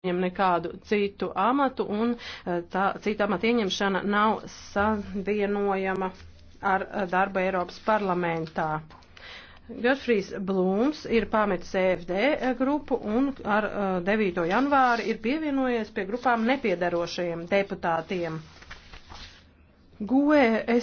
ieņem nekādu citu amatu, un eh, tā cita amata ieņemšana nav savienojama ar eh, darbu Eiropas parlamentā. Gerfrīds Blūms ir pametis EFD eh, grupu un ar 9. janvāri ir pievienojies pie grupām nepiedarošajiem deputātiem. GUE